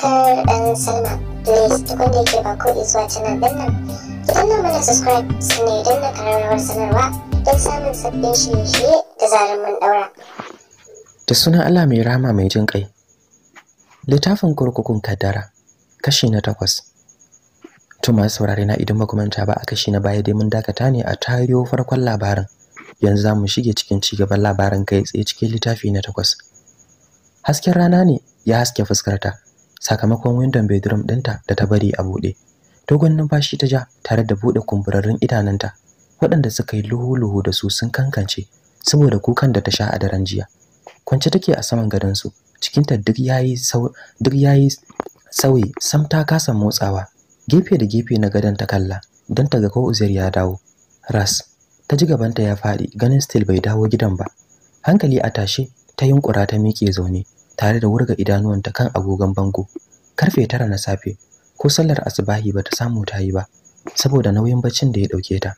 subscribe and sign up. Please tukun da yake ba ko zuwa canal nan. subscribe sannan idan na sanarwa don samun sabbin shirye-shirye da zarar mun Da sunan Allah mai mai jin ƙai. Littafin kurkukun kaddara kashi na takwas. Tuma saurare na idan manta ba a kashi na baya dai mun dakata ne a tariyo farkon labarin. Yanzu za mu shige cikin cigaban labarin kai tsaye cikin littafi na takwas. Hasken rana ne ya haske fuskarta sakamakon windon bedroom ɗinta da ta bari a buɗe. Dogon numfashi ta ja tare da buɗe kumburarrun idananta, waɗanda suka yi luhu-luhu da su sun kankance saboda kukan da ta sha a daren jiya. Kwance take a saman gadonsu, cikinta duk yayi duk sauyi sam ta kasa motsawa. Gefe da gefe na gadon ta kalla don ta ga ko Uzair ya dawo. Ras, ta ji gabanta ya faɗi ganin still bai dawo gidan ba. Hankali a tashe ta yunkura ta miƙe zaune. tare da wurga idanuwanta kan agogon bango karfe tara na safe ko sallar asubahi ta samu ta yi ba saboda nauyin baccin da ya ɗauke ta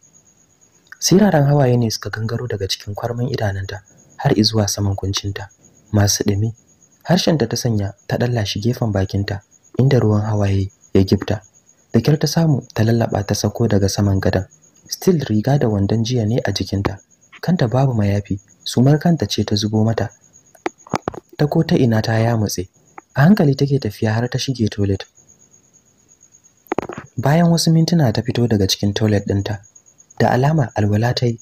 siraran hawaye ne suka gangaro daga cikin kwarmin idananta har izuwa saman kuncinta masu dumi harshenta ta sanya ta ɗallashi gefen bakinta inda ruwan hawaye ya gifta da kyar ta samu ta lallaɓa ta sako daga saman gadon, still riga da wandon jiya ne a jikinta kanta babu mayafi sumar kanta ce ta zubo mata ta ko ta ina ta yamutse a hankali take tafiya har ta shige toilet bayan wasu mintuna ta fito daga cikin toilet ɗinta da alama alwala ta yi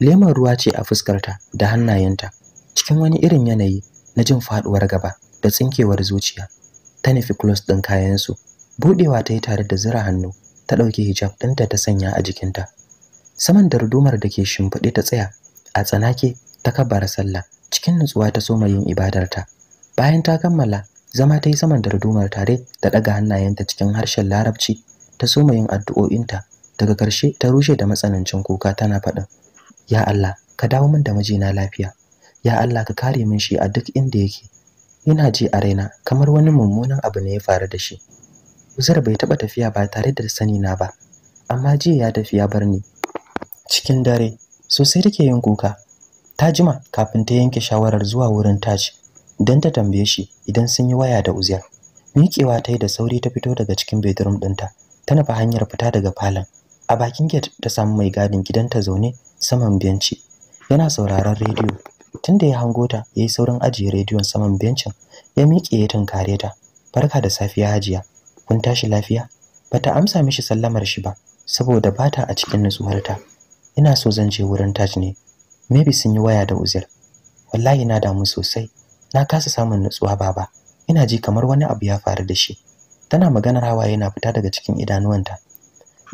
lemon ruwa ce a fuskarta da hannayenta cikin wani irin yanayi na jin faɗuwar gaba da tsinkewar zuciya ta nufi kulos ɗin kayansu buɗewa ta yi tare da zira hannu ta ɗauki hijab ɗinta ta sanya a jikinta saman dardumar da ke shimfiɗe ta tsaya a tsanake ta kabara sallah cikin nutsuwa ta soma yin ibadarta bayan ta kammala zama ta yi saman dardumar tare da ɗaga hannayenta cikin harshen larabci ta soma yin addu'o'inta daga ƙarshe ta rushe da matsanancin kuka tana faɗin ya Allah ka dawo min da mijina lafiya ya Allah ka kare min shi a duk inda yake ina ji a raina kamar wani mummunan abu ne ya faru da shi uzar bai taɓa tafiya ba tare da sani na ba amma jiya ya tafi ya bar cikin dare sosai take yin kuka ta jima kafin ta yanke shawarar zuwa wurin Taj don ta tambaye shi idan sun yi waya da uziya. Miƙewa ta yi da sauri ta fito daga cikin bedroom ɗinta, ta nufa hanyar fita daga falon. A bakin gate ta samu mai gadin gidanta zaune saman benci. Yana sauraron rediyo. Tunda ya hango ta, ya yi saurin ajiye rediyon saman bencin, ya miƙe ya tunkare ta. Barka da safiya Hajiya. Kun tashi lafiya? Bata amsa mishi sallamar shi ba, saboda bata a cikin nutsuwarta. Ina so zan je wurin Taj ne, maybe sun yi waya da uzir. wallahi na damu sosai na kasa samun nutsuwa baba ina ji kamar wani abu ya faru da shi tana maganar hawaye na fita daga cikin idanuwanta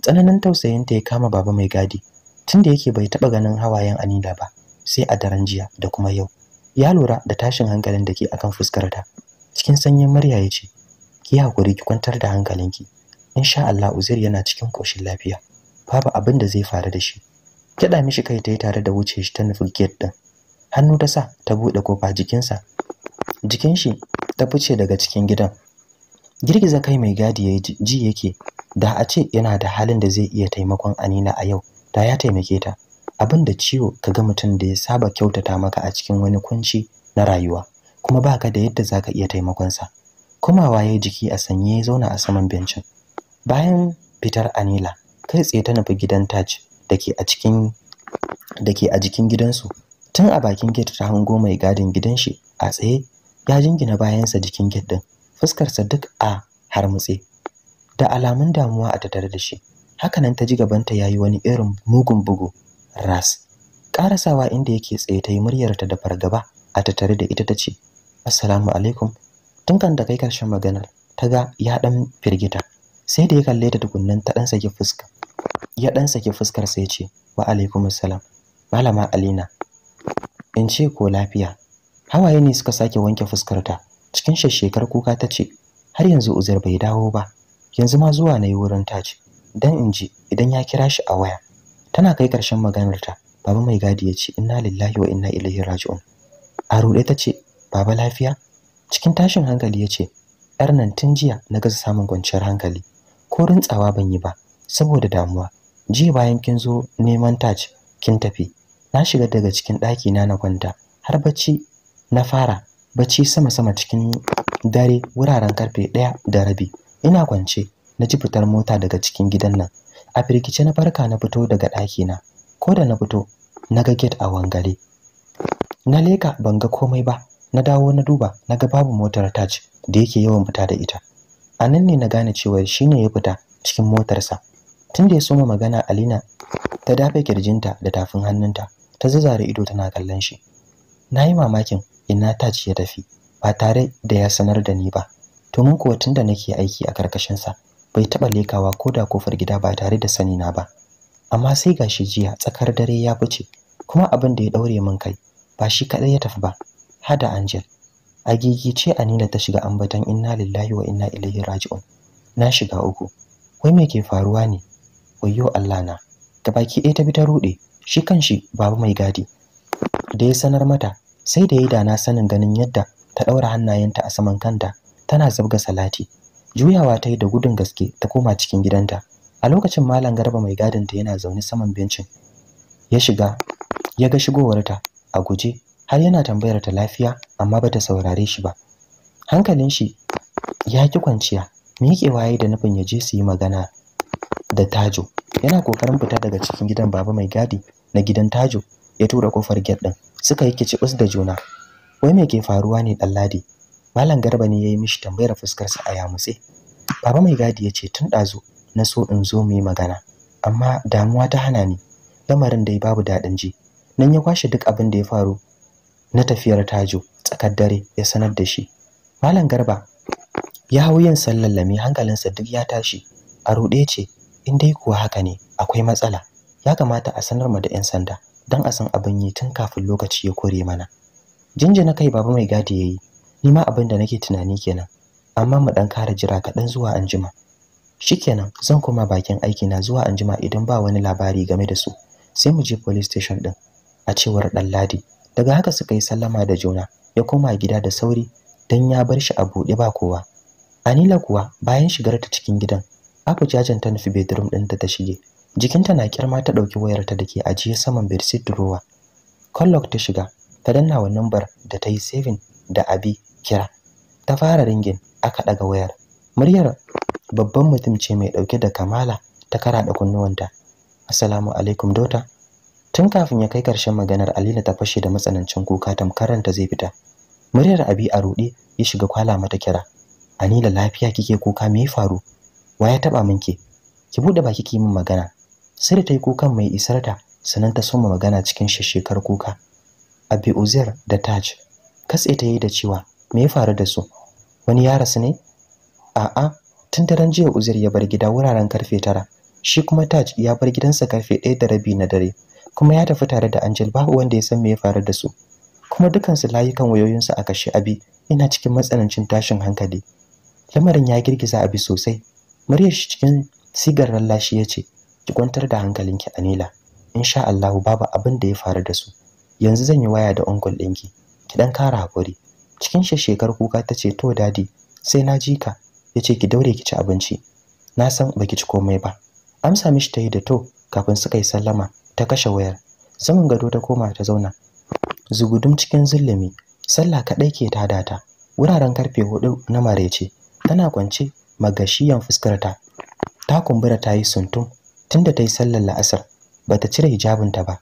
tsananin tausayinta ya kama baba mai gadi tunda yake bai taba ganin hawayen Anila ba sai a daren jiya da kuma yau ya lura da tashin hankalin da ke akan fuskar ta cikin sanyin murya ya ce ki hakuri ki kwantar da hankalinki insha Allah uzir yana cikin koshin lafiya babu abin da zai faru da shi kiɗa mishi kai ta yi tare da wuce shi ta nufi gate ɗin hannu ta sa ta buɗe kofa jikinsa jikin shi ta fice daga cikin gidan girgiza kai mai gadi ya ji yake da a ce yana da halin da zai iya taimakon anina a yau da ya taimake ta abin da ciwo ka ga mutum da ya saba kyautata maka a cikin wani kunci na rayuwa kuma baka da yadda zaka iya taimakonsa komawa ya jiki a sanye ya zauna a saman bencin bayan fitar anila kai tsaye ta nufi gidan taj dake a cikin a jikin gidansu tun a bakin gate ta hango mai gadin gidan shi a tsaye ya jingina bayansa jikin gate din fuskarsa duk a harmutse da alamun damuwa a tattare da shi Haka nan ta ji gabanta yayi wani irin mugun bugu ras karasawa inda yake tsaye ta yi muryarta da fargaba a tattare da ita ta ce assalamu alaikum tun kan da kai karshen maganar ta ga ya dan firgita sai da ya kalle ta tukunnan ta dan sake fuska ya dan saki fuskar ya ce wa alaikum salam malama alina in ce ko lafiya hawaye ne suka sake wanke fuskar ta cikin shekar kuka ta ce har yanzu uzur bai dawo ba yanzu ma zuwa na yi wurin tace. dan in ji idan ya kira shi a waya tana kai karshen maganar ta baba mai gadi ya ce inna lillahi wa inna ilaihi raji'un a rude ta ce baba lafiya cikin tashin hankali ya ce yar nan tun jiya na gasa samun kwanciyar hankali ko rintsawa ban yi ba saboda damuwa ji bayan kin zo neman taj kin tafi na shiga daga cikin ɗaki na na kwanta har bacci na fara bacci sama sama cikin dare wuraren karfe ɗaya da rabi ina kwance na ji fitar mota daga cikin gidan nan a firgice na farka na fito daga ɗaki na ko da na fito na ga gate a wangare na leka ban ga komai ba na dawo na duba na ga babu motar taj da yake yawan fita da ita a nan ne na gane cewa shine ya fita cikin motarsa tun da ya soma magana alina ta dafe kirjinta da tafin hannunta ta zazzare ido tana kallon shi na yi mamakin ina ci ya tafi ba tare da ya sanar da ni ba to mun kuwa tun da nake aiki a karkashinsa bai taɓa lekawa ko da kofar gida ba tare da sani na ba amma sai gashi jiya tsakar dare ya fice kuma abin da ya daure min kai ba shi kaɗai ya tafi ba hada angel a gigice anila ta shiga ambatan inna lillahi wa inna ilaihi raji'un na shiga uku wai me ke faruwa ne wayyo Allah na baki ɗaya ta bi ta rude shi kanshi babu mai gadi da ya sanar mata sai da ya dana sanin ganin yadda ta daura hannayenta a saman kanta tana zubga salati juyawa ta yi da gudun gaske ta koma cikin gidanta a lokacin malam garba mai gadin ta yana zaune saman bencin ya shiga ya ga shigowarta a guje har yana tambayar ta lafiya amma bata saurare shi ba hankalin shi ya ki kwanciya miƙewa yayi da nufin ya je su yi magana da Tajo yana kokarin fita daga cikin gidan baba mai gadi na gidan Tajo ya tura kofar gate din suka yi kicibus da juna wai me ke faruwa ne Ɗanladi Malam Garba ne yayi mishi tambayar fuskar sa a yamutse Baba mai gadi ya ce tun ɗazu na so in zo mu yi magana amma damuwa ta hana ni lamarin dai babu daɗin ji nan ya kwashe duk abin da ya faru na tafiyar Tajo tsakar dare ya sanar da shi Malam Garba ya hau yin sallallami hankalinsa duk ya tashi a ruɗe ce in dai kuwa haka ne akwai matsala ya kamata a sanar mu da 'yan sanda don a san abin yi tun kafin lokaci ya kore mana na kai babu mai gadi yayi ni ma abin da nake tunani kenan amma mu dan kara jira kaɗan zuwa anjima shikenan zan koma bakin aiki na zuwa anjima idan ba wani labari game da su sai mu je police station din a cewar dan ladi daga haka suka yi sallama da juna ya koma gida da sauri dan ya bar shi a buɗe ba kowa anila kuwa bayan shigar ta cikin gidan Abu jajan ta nufi bedroom da ta shige. Jikinta na kirma ta ɗauki wayarta da ke ajiye saman bedsheet drawer. Collok ta shiga, ta danna wa number da ta yi saving da abi kira. Ta fara ringin aka ɗaga wayar. Muryar babban mutum ce mai ɗauke da kamala ta karaɗa kunnuwanta. Assalamu alaikum Dota. Tun kafin ya kai ƙarshen maganar Alila ta fashe da matsanancin kuka ta zai fita. Muryar abi a ruɗe ya shiga kwala mata kira. Anila lafiya kike kuka me faru? wa ya taba min ki bude baki ki min magana sai da ta yi kukan mai isar ta sannan ta soma magana cikin shashshekar kuka abi uzair da taj katse ta yi da cewa me ya faru da su wani ya rasu ne a'a tun daren jiya uzair ya bar gida wuraren karfe tara shi kuma taj ya bar gidansa karfe ɗaya da rabi na dare kuma ya tafi tare da angel babu wanda ya san me ya faru da su kuma dukansu layukan wayoyinsu a kashe abi ina cikin matsanancin tashin hankali lamarin ya girgiza abi sosai muryar shi cikin sigar lallashi ya ce ki kwantar da hankalinki anila insha Allah babu abin da ya faru da su yanzu zan yi waya da uncle ɗinki ki dan kara hakuri cikin shekar kuka ta ce to dadi sai na ji ka ya ce ki daure ki ci abinci na san baki ci komai ba amsa mishi ta yi da to kafin suka yi sallama ta kashe wayar saman gado ta koma ta zauna zugudum cikin zullumi sallah kaɗai ke ta ta wuraren karfe hudu na marece tana kwance magashiyan fuskarta ta kumbura ta yi suntum tunda ta yi sallar la'asar ba ta cire hijabinta ba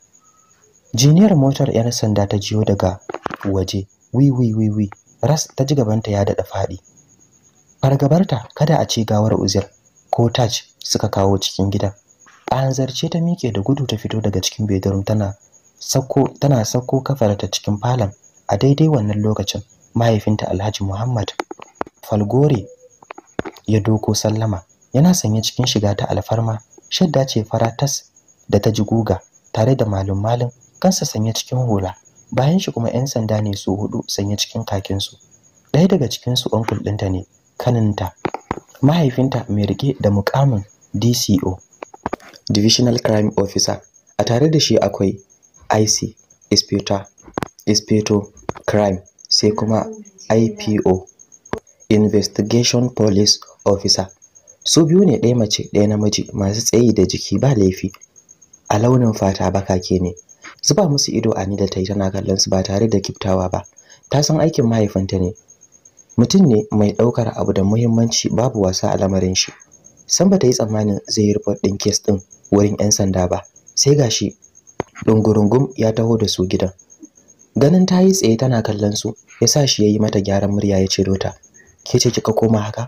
jiniyar motar 'yan sanda ta jiyo daga waje wiwiwiwi ras ta ji gabanta ya daɗa faɗi fargabarta kada a ce gawar uzir ko taj suka kawo cikin gidan a hanzarce ta mike da gudu ta fito daga cikin bedroom tana sako tana sako ta cikin falon a daidai wannan lokacin mahaifinta alhaji muhammad falgore ya doko sallama yana sanye cikin shiga ta alfarma shadda ce fara tas da ta jiguga, tare da malum malum kansa sanye cikin hula bayan shi kuma 'yan sanda ne su hudu sanye cikin kakinsu ɗaya daga cikin su onkul ɗinta ne kaninta mahaifinta mai rike da mukamin dco divisional crime officer a tare da shi akwai ic inspector inspector crime sai kuma ipo investigation police officer su biyu ne ɗaya mace ɗaya namiji masu tsayi da jiki ba laifi a launin fata baka ke ne zuba musu ido a ni da ta yi tana kallon su ba tare da kiftawa ba ta san aikin mahaifinta ne mutum ne mai ɗaukar abu da muhimmanci babu wasa a lamarin shi san ta yi tsammanin zai yi report ɗin kes ɗin wurin 'yan sanda ba sai gashi ɗungurungum ya taho da su gidan ganin ta yi tsaye tana kallon su ya sa shi ya yi mata gyaran murya ya ce ta ke ce kika koma haka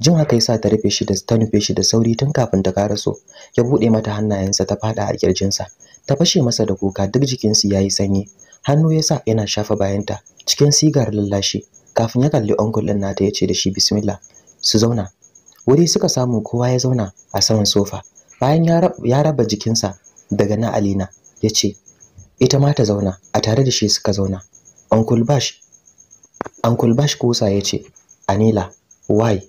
jin haka yasa ta rufe shi da ta nufe shi da sauri tun kafin ta karaso ya bude mata hannayensa ta fada a kirjinsa ta fashe masa da kuka duk jikinsu yayi sanyi hannu yasa yana shafa bayanta cikin sigar lallashi kafin ya kalli uncle din nata ce da shi bismillah su zauna wuri suka samu kowa ya zauna a saman sofa bayan ya raba jikinsa daga na Alina yace ita ma ta zauna a tare da shi suka zauna uncle bash uncle bash kusa yace Anila, why?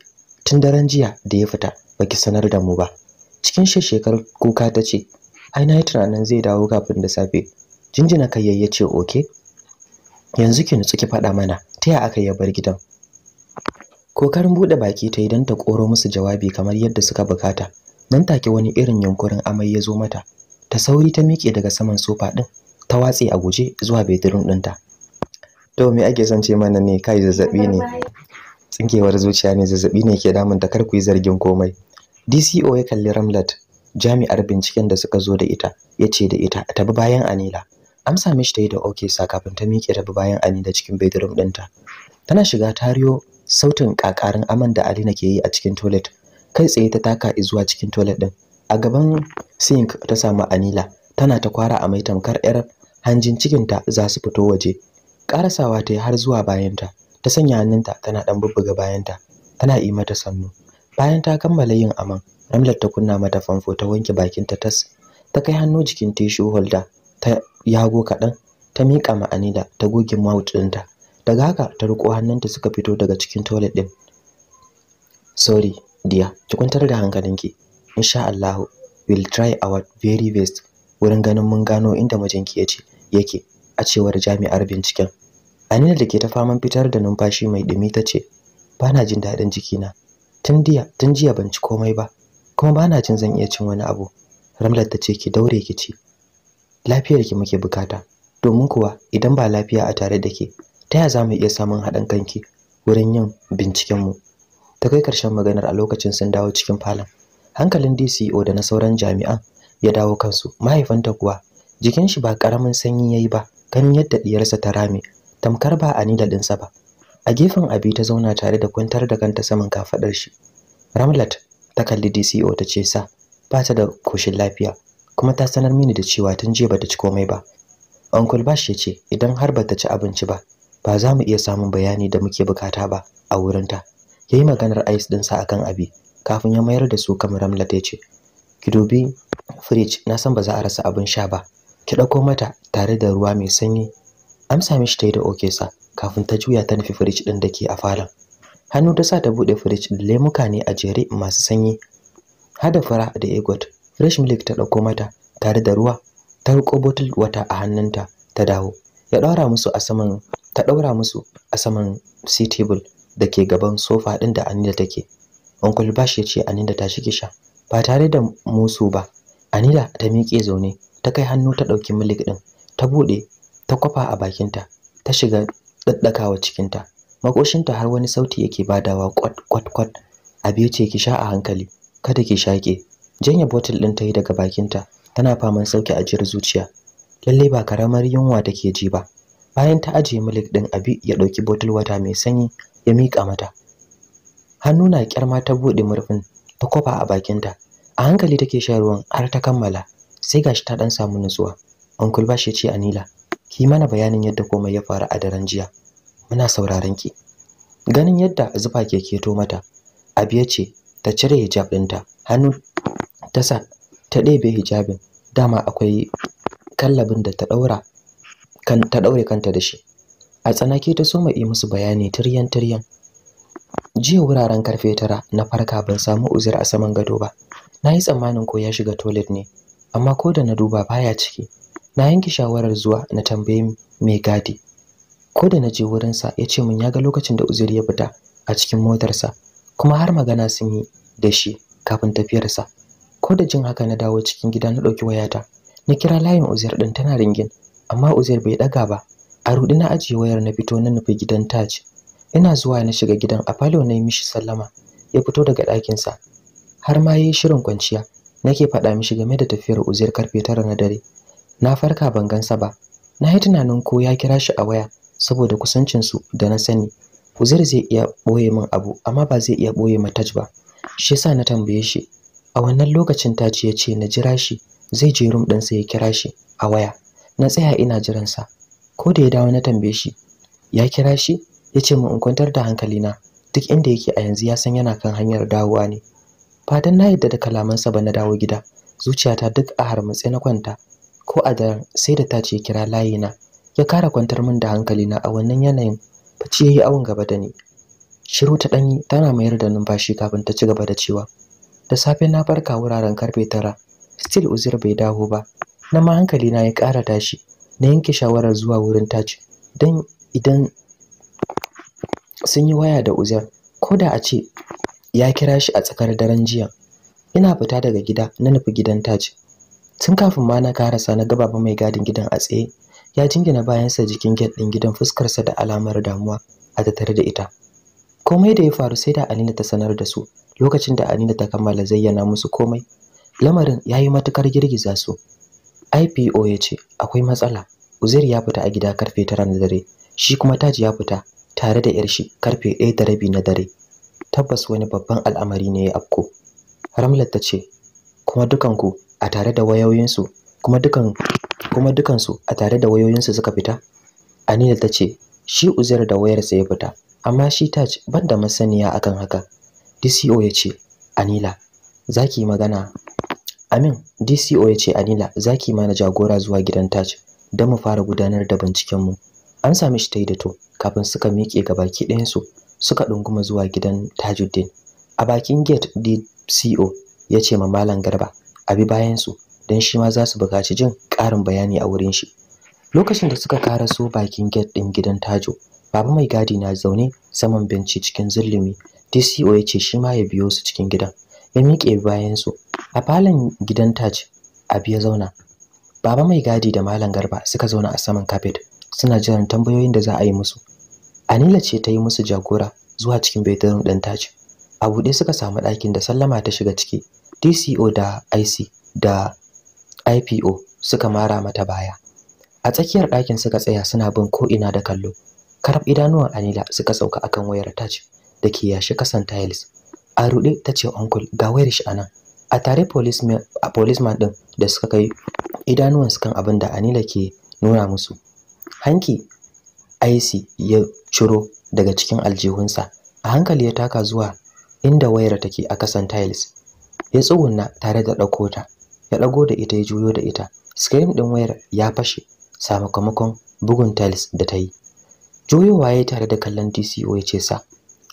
Tun daren jiya da ya fita baki sanar da mu ba. Cikin shekar kuka ta ce, ai na yi tunanin zai dawo kafin da safe. Jinjina kai yayye ce, okay. Yanzu ki nutsu ki faɗa mana, ta ya aka ya bar gidan? Kokarin buɗe baki ta idan ta koro musu jawabi kamar yadda suka bukata. Nan take wani irin yunkurin amai ya zo mata. Ta sauri ta miƙe daga saman sofa ɗin, ta watse a guje zuwa bedroom ɗinta. To me ake sance mana ne kai zazzabi ne. tsinkewar zuciya ne zazzabi ne ke damunta kar ku yi zargin komai DCO ya kalli Ramlat jami'ar binciken da suka zo da ita ya ce da ita ta bi bayan Anila amsa mishi ta yi da sa kafin ta miƙe ta bayan Anila cikin bedroom ɗinta tana shiga tariyo sautin ƙaƙarin aman da Alina ke yi a cikin toilet kai tsaye ta taka zuwa cikin toilet ɗin. a gaban sink ta samu Anila tana ta kwara a mai tamkar yar hanjin cikinta za su fito waje ƙarasawa ta yi har zuwa bayanta ta sanya hannunta tana ɗan bubbuga bayanta tana yi mata sannu bayan ta kammala yin aman ramlar ta kunna mata famfo ta wanke bakinta tas ta kai hannu jikin tissue holder ta yago kaɗan ta miƙa ma Anida ta goge mouth ɗinta daga haka ta riko hannunta suka fito daga cikin toilet ɗin sorry dear ki kwantar da hankalinki insha Allah we'll try our very best wurin ganin mun gano inda mijinki yace yake a cewar jami'ar binciken anina da ke ta faman fitar da numfashi mai ɗumi ta ce, ba na jin daɗin jikina. Tun jiya, tun jiya ban ci komai ba, kuma ba na jin zan iya cin wani abu. Ramlat ta ce ki daure ki ci. Lafiyar Lafiyarki muke bukata, domin kuwa idan ba lafiya a tare da ke, ta ya za mu iya samun haɗin kanki wurin yin bincikenmu. Ta kai ƙarshen maganar a lokacin sun dawo cikin falon. Hankalin DCO e da na sauran jami'an ya dawo kansu, Mahaifanta kuwa jikin shi ba ƙaramin sanyi ya yi ba, kan yadda ɗiyarsa ta rame tamkar ba a nida ɗinsa ba a gefen abi ta zauna tare da kwantar da kanta saman kafaɗar shi ramlat ta kalli dco ta ce sa ba ta da koshin lafiya kuma ta sanar mini da cewa tun jiya bata ci komai ba uncle bash ya ce idan har bata ci abinci ba ba za mu iya samun bayani da muke bukata ba a wurin ya yi maganar ice din sa akan abi kafin ya mayar da su kamar ramlat ya ce ki dubi fridge na san ba za a rasa abin sha ba ki ɗauko mata tare da ruwa mai sanyi amsa mishi ta yi da oke sa kafin ta juya ta nufi firij ɗin da ke a falon hannu ta sa ta buɗe firij ɗin lemuka ne a jere masu sanyi hada fara da egot fresh milk ta ɗauko mata tare da ruwa ta riƙo bottle wata a hannunta ta dawo ya ɗaura musu a saman ta ɗaura musu a saman sea table da ke gaban sofa ɗin da Anila take Uncle Bash ya ce Anila ta shige sha ba tare da musu ba Anila ta miƙe zaune ta kai hannu ta ɗauki milik ɗin ta buɗe ta kwafa a bakinta ta shiga daddakawa cikinta makoshinta har wani sauti yake badawa kwat kwat kwat abiye ce ki sha a hankali kada ki shake Janya bottle din ta yi daga bakinta tana faman sauki ajiyar zuciya lalle ba karamar yunwa take ji ba bayan ta ajiye milik din abi ya dauki bottle wata mai sanyi ya mika mata hannu na kyar ma ta bude murfin ta kwafa a bakinta a hankali take shan ruwan har ta kammala sai gashi ta dan samu nutsuwa uncle bashi ya ce anila ki mana bayanin yadda komai ya faru a daren jiya muna sauraron ki ganin yadda zufa ke keto mata abiya ce ta cire hijab ɗinta hannu ta sa ta ɗebe hijabin dama akwai kallabin da ta ɗaura kan ta ɗaure kanta da shi a tsanake ta soma yi musu bayani tiryan tiryan jiya wuraren karfe tara na farka ban samu uzur a saman gado ba na yi tsammanin ko ya shiga toilet ne amma ko da na duba baya ciki na yanke shawarar zuwa na tambaye mai gadi ko da na je wurinsa ya ce min ya ga lokacin da uzuri ya fita a cikin motarsa kuma har magana sun yi da shi kafin tafiyarsa ko da jin haka na dawo cikin gida na ɗauki wayata na kira layin uzair ɗin tana ringin amma uzair bai ɗaga ba a ruɗi na ajiye wayar na fito na nufi gidan taj ina zuwa na shiga gidan a falo na yi mishi sallama ya fito daga ɗakinsa har ma ya yi shirin kwanciya nake faɗa mishi game da tafiyar uzair karfe tara na dare na farka ban gansa ba na yi tunanin ko ya kira shi a waya saboda su da na sani uzair zai iya boye min abu amma ba zai iya ɓoye mataj ba shi yasa na tambaye shi a wannan lokacin taci ya ce na jira shi zai je rum ɗinsa ya kira shi a waya na tsaya ina jiransa ko da ya dawo na tambaye shi ya kira shi ya ce in kwantar da hankali na. duk inda yake a yanzu ya san yana kan hanyar dawowa ne Fadan na yadda da kalamansa ba na dawo gida zuciyata duk a harmatse na kwanta ko a da sai da ta ce kira layina ya kara kwantar min da hankali na, a wannan yanayin fice yayi awon gaba da ni shiru ta danyi tana mayar da numfashi kafin ta ci gaba da cewa da safe na farka wuraren karfe tara still uzir bai dawo ba na ma na ya kara tashi na yanke shawarar zuwa wurin taci dan idan sun yi waya da uzir ko da a ce ya kira shi a tsakar daren jiya ina fita daga gida na nufi gidan taci tun kafin ma na karasa na gaba mai gadin gidan a tsaye ya jingina bayansa jikin gate din gidan fuskarsa da alamar damuwa a tattare da ita komai da ya faru sai da Anina ta sanar da su lokacin da Anina ta kammala zayyana musu komai lamarin yayi matukar girgiza su IPO ya ce akwai matsala Uzair ya fita a gida karfe 9 na dare shi kuma Taji ya fita tare da 'yar shi karfe 1 da rabi na dare tabbas wani babban al'amari ne ya afko Ramlat ta ce kuma dukanku a tare da wayoyinsu kuma dukan kuma dukansu a tare da wayoyinsu suka fita anila ta ce shi uzair da wayarsa ya fita amma shi taj ban da masaniya akan haka dco ya ce anila za ki magana amin dco ya ce anila za ki mana jagora zuwa gidan taj don mu fara gudanar da binciken mu. an sami shi ta yi da to kafin suka miƙe ga baki ɗayansu suka ɗunguma zuwa gidan tajuddin a bakin gate dco ya ce ma malam garba a bi bayansu don shi ma za su buƙaci jin ƙarin bayani a wurin shi lokacin da suka kara so bakin gate ɗin gidan tajo baba mai gadi na zaune saman benci cikin zulumi dco ya ce shi ma ya biyo su cikin gidan ya miƙe bayansu a falon gidan taj a biya zauna baba mai gadi da malam garba suka zauna a saman kafet suna jiran tambayoyin da za a yi musu anila ce ta yi musu jagora zuwa cikin bedroom ɗin taj a buɗe suka samu ɗakin da sallama ta shiga ciki DCO da IC da IPO suka mara mata baya. A tsakiyar ɗakin suka tsaya suna bin ko'ina da kallo. Karab idanuwan Anila suka sauka akan wayar touch da ke yashi kasan tiles. A ruɗe ta ce uncle ga wayar shi anan. A tare policeman ɗin da suka kai idanuwan su kan abin da Anila ke nuna musu. Hanki IC ya ciro daga cikin aljihunsa. A hankali ya taka zuwa inda wayar take a kasan tiles. ya tsugunna tare da ɗaukota, ta ya ɗago da ita ya juyo da ita screen ɗin wayar ya fashe sakamakon bugun tiles da ta yi juyowa ya tare da kallon TCO ya ce sa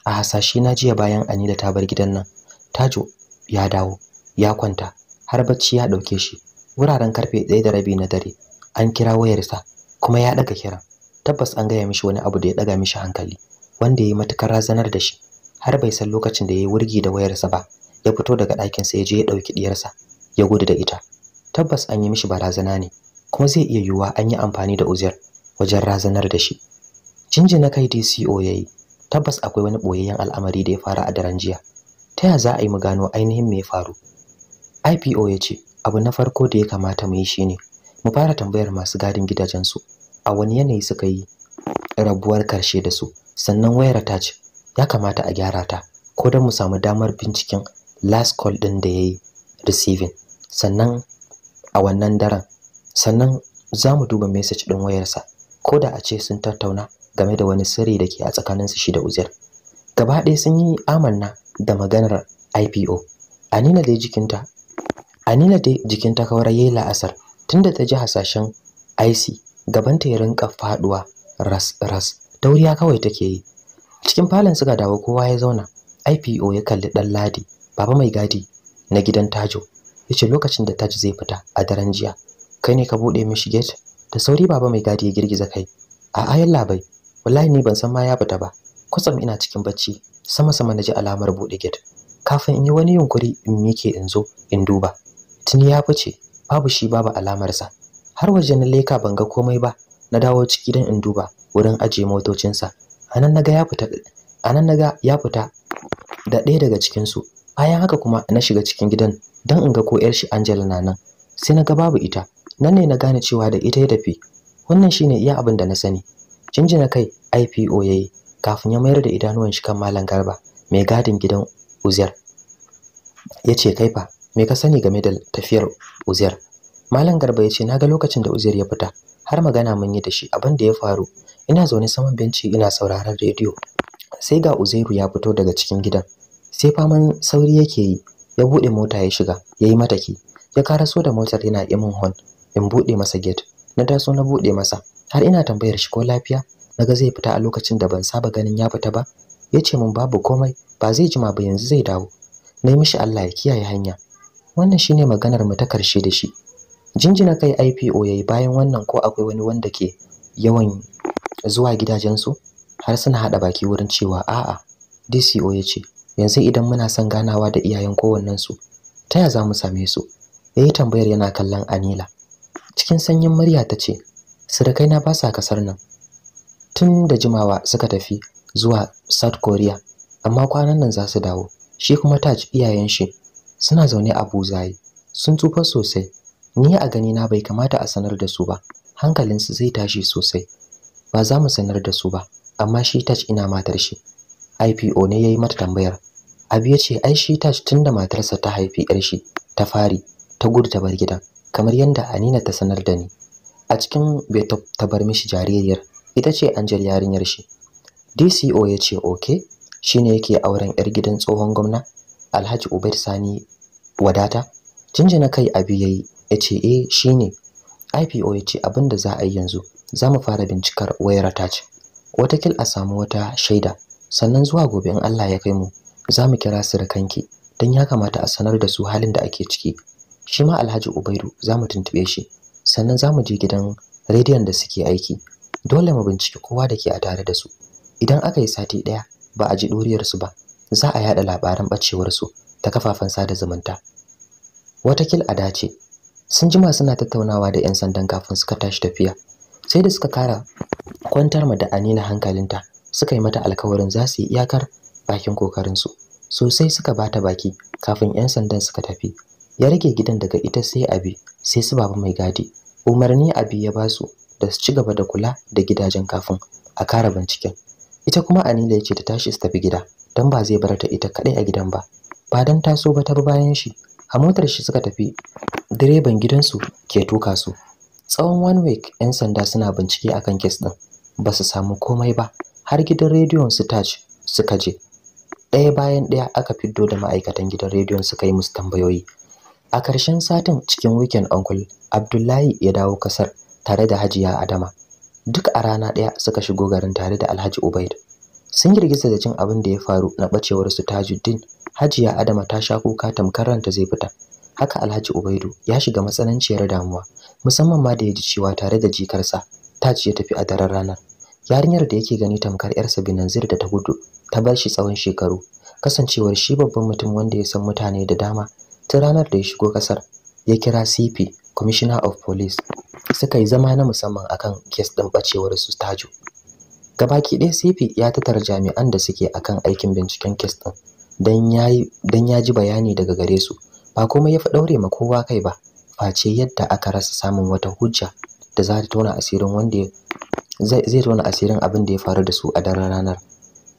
a hasashe na jiya bayan Anila ta bar gidan nan Tajo ya dawo ya kwanta har bacci ya ɗauke shi wuraren karfe ɗaya da rabi na dare an kira wayarsa kuma ya ɗaga kiran tabbas an gaya mishi wani abu da ya ɗaga mishi hankali wanda ya yi matukar razanar da shi har bai san lokacin da ya yi wurgi da wayarsa ba ya fito daga ɗakin sa ya je ya ɗauki diyarsa ya gudu da ita tabbas an yi mishi barazana ne kuma zai iya yiwuwa an yi amfani da uzair wajen razanar da shi na kai DCO yayi tabbas akwai wani boyayyen al'amari da ya fara a daren jiya ta ya za a yi mu gano ainihin me ya faru IPO ya ce abu na farko da ya kamata mu yi shine mu fara tambayar masu gadin gidajensu a wani yanayi suka yi rabuwar karshe da su sannan wayar ta ce ya kamata a gyara ta ko don mu samu damar binciken last call ɗin da ya yi receiving sannan a wannan daren sannan za mu duba message ɗin wayarsa ko da a ce sun tattauna game da wani sirri da ke a su shi da uzair gaba ɗaya sun yi amanna da maganar ipo anina dai jikinta anina dai jikinta kauraye la'asar tunda ta ji hasashen ic ta ya rinka faduwa ras ras dauriya kawai take yi cikin falon suka dawo kowa ya zauna ipo ya kalli dan ladi baba mai gadi na gidan Tajo yace lokacin da Tajo zai fita a daren jiya kai ne ka bude mishi gate da sauri baba mai gadi ya girgiza kai a ayan labai wallahi ni ban san ma ya fita ba Kusan ina cikin bacci sama sama naji alamar bude gate kafin in yi wani yunkuri in mike in zo in duba tuni ya fice babu shi babu alamarsa har waje na leka ban ga komai ba na dawo ciki in duba wurin ajiye motocinsa anan naga ya fita anan naga ya fita da ɗaya daga cikin su bayan haka kuma na shiga cikin gidan don in ga ko yar shi Angela na nan sai na ga babu ita nan ne na gane cewa da ita ya tafi wannan shine iya abin da na sani jinjina kai IPO yayi kafin ya mayar da idanuwan shi kan Malam Garba mai gadin gidan Uzair yace kai fa me ka sani game da tafiyar Uzair Malam Garba yace ga lokacin da Uzair ya fita har magana mun yi da shi abin da ya faru ina zaune saman benci ina sauraron rediyo sai ga Uzairu ya fito daga cikin gidan sai faman sauri yake yi ya buɗe mota ya shiga yayi yi mata ki ya karaso da motar yana imin hon in buɗe masa gate na taso na buɗe masa har ina tambayar shi ko lafiya naga zai fita a lokacin da ban saba ganin ya fita ba yace mun babu komai ba zai jima ba yanzu zai dawo na yi mishi Allah ya kiyaye hanya wannan shine maganar mu ta karshe da shi jinjina kai IPO yayi bayan wannan ko akwai wani wanda ke yawan zuwa gidajen su. har suna hada baki wurin cewa a'a DCO ya ce yanzu idan muna son ganawa da iyayen kowannen su ta ya za mu same su yayi eh, tambayar yana kallon Anila cikin sanyin murya ta ce sirikai na ba sa kasar nan tun da jimawa suka tafi zuwa South Korea amma kwanan nan za su dawo shi kuma Taj iyayen shi suna zaune a Buzayi sun tsufa sosai ni a gani na bai kamata a sanar da su ba hankalinsu zai tashi sosai ba za mu sanar da su ba amma shi Taj ina matar shi IPO ne ya yi mata tambayar Abi ya ce ai shi tashi tunda matarsa ta haifi yar shi ta fari ta gudu ta bar gidan kamar yadda Anina ta sanar da ni. A cikin bai ta bar mishi jaririyar ita ce Angel yarinyar shi. DCO ya ce okay shine yake auren yar gidan tsohon gwamna Alhaji Ubaid Sani wadata. Jinjina kai Abi yayi ya ce eh shine. IPO ya ce da za a yi yanzu za mu fara bincikar wayar attach. Watakil a samu wata shaida sannan zuwa gobe in Allah ya kai mu za mu kira surukanki don ya kamata a sanar da su halin da ake ciki shi ma alhaji Ubaidu za mu tuntuɓe shi sannan za mu je gidan rediyon da suke aiki dole mu bincike kowa da ke a tare da su idan aka yi sati ɗaya ba a ji ɗuriyarsu ba za a yaɗa labaran ɓacewarsu ta kafafen sada zumunta watakil a dace sun jima suna tattaunawa da 'yan sandan kafin suka tashi tafiya sai da suka kara kwantar ma da anina hankalinta suka yi mata alkawarin za su yi iyakar bakin kokarinsu sosai suka bata baki kafin 'yan sandan suka tafi ya rage gidan daga ita sai abi sai su baba mai gadi umarni abi ya basu da su ci gaba da kula da gidajen kafin a kara binciken ita kuma anila ya ta tashi su tafi gida don ba zai bar ta ita kadai a gidan ba ba don so ba ta bayan shi a motar shi suka tafi direban gidansu ke tuka su tsawon one week 'yan sanda suna bincike akan kes din ba su samu komai ba har gidan rediyon su touch suka je ɗaya bayan ɗaya aka fiddo da ma'aikatan gidan rediyon suka yi musu tambayoyi a ƙarshen satin cikin weekend uncle abdullahi ya dawo kasar tare da hajiya adama duk a rana ɗaya suka shigo garin tare da alhaji ubaid sun girgiza da cin abin da ya faru na ɓacewar su tajuddin hajiya adama ta sha kuka tamkar ranta zai fita haka alhaji ubaidu ya shiga matsananciyar damuwa musamman ma da ya ji cewa tare da jikarsa ce ya tafi a daren ranar yarinyar da yake gani tamkar yarsa binanzir da ta gudu ta bar shi tsawon shekaru kasancewar shi babban mutum wanda ya san mutane da dama ta ranar da ya shigo kasar ya kira CP Commissioner of Police suka yi zama na musamman akan kes din bacewar su Tajo gabaki ɗaya CP ya tattara jami'an da suke akan aikin binciken kes din dan ya ji bayani daga gare su ba komai ya fi daure ma kowa kai ba face yadda aka rasa samun wata hujja da za ta tona asirin wanda zai tona asirin abin da ya faru da su a daren ranar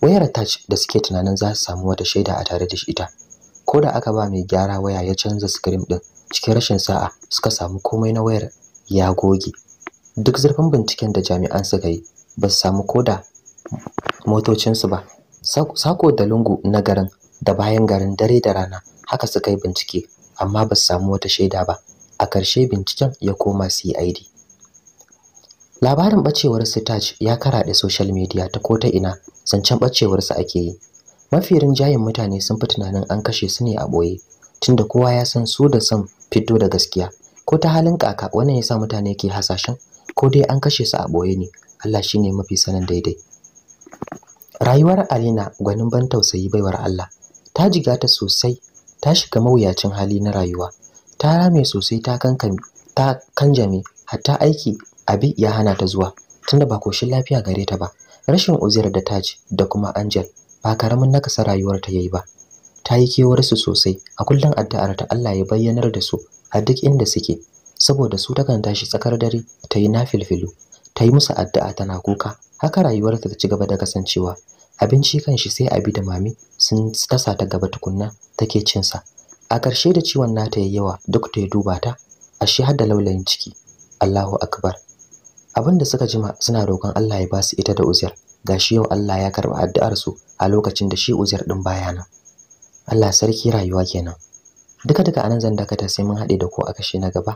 wayar touch da suke tunanin za su samu wata shaida a tare da ita ko da aka ba mai gyara waya ya canza screen din cikin rashin sa'a suka samu komai na wayar ya goge duk zurfin binciken da jami'an suka yi ba su samu koda motocinsu ba sako da lungu na garin da bayan garin dare da rana haka suka yi bincike amma ba su samu wata shaida ba a ƙarshe binciken ya koma cid labarin bacewar sitach ya karaɗe social media ta ko ta ina zancen bacewar su ake yi mafi rinjayen mutane sun fi tunanin an kashe su ne a boye tunda kowa ya san su da san fito da gaskiya ko ta halin kaka wannan yasa mutane ke hasashen ko dai an kashe su a boye ne Allah shine mafi sanin daidai rayuwar Alina gwanin ban tausayi baiwar Allah ta jiga ta sosai ta shiga mawuyacin hali na rayuwa ta rame sosai ta kankame ta kanjame hatta aiki abi ya hana ta zuwa tunda ba koshin lafiya gare ta ba rashin uziyar da taji da kuma angel ba karamin nakasa rayuwarta yayi ba ta yi kewarsu sosai a kullum addu'ar ta Allah ya bayyanar da su a duk inda suke saboda su takan tashi tsakar dare ta yi nafilfilu ta yi musu addu'a tana kuka haka rayuwarta ta ci gaba da kasancewa abinci shi sai abi da mami sun tasa ta gaba tukunna take cin sa a ƙarshe da ciwon nata yayi yawa duk ta duba ta ashe har da laulayin ciki Allahu akbar da suka jima suna roƙon Allah ya basu ita da Uzair gashi yau Allah ya karba addu'ar su a lokacin da shi Uzair din baya nan Allah sarki rayuwa kenan duka duka anan zan dakata sai mun haɗe da ko a kashe na gaba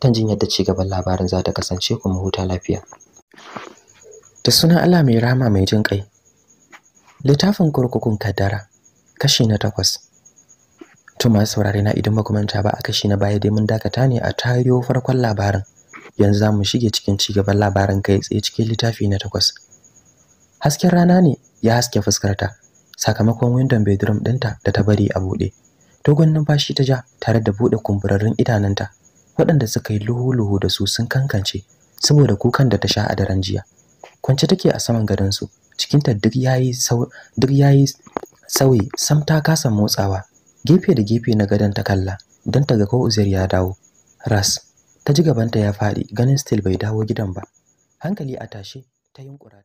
tan jin yadda cigaban labarin za ta kasance kuma huta lafiya da sunan Allah mai rama mai jin kai littafin kurkukun kaddara kashi na takwas to masu saurare na idan ba ba a kashi na baya dai mun dakata ne a tayo farkon labarin yanzu za mu shige cikin cigaban labarin kai tsaye cikin littafi na takwas hasken rana ne ya haske fuskarta sakamakon windon bedroom ɗinta da ta bari a buɗe dogon numfashi ta ja tare da buɗe kumburarrun idanunta waɗanda suka yi luhu-luhu da su sun kankance saboda kukan da ta sha a daren jiya kwance take a saman gadonsu cikinta duk ta duk yi sauyi sam ta kasa motsawa gefe da gefe na gadon ta kalla don ta ga ko uzair ya dawo ras ta ji gabanta ya faɗi ganin still bai dawo gidan ba hankali a tashe ta yunkura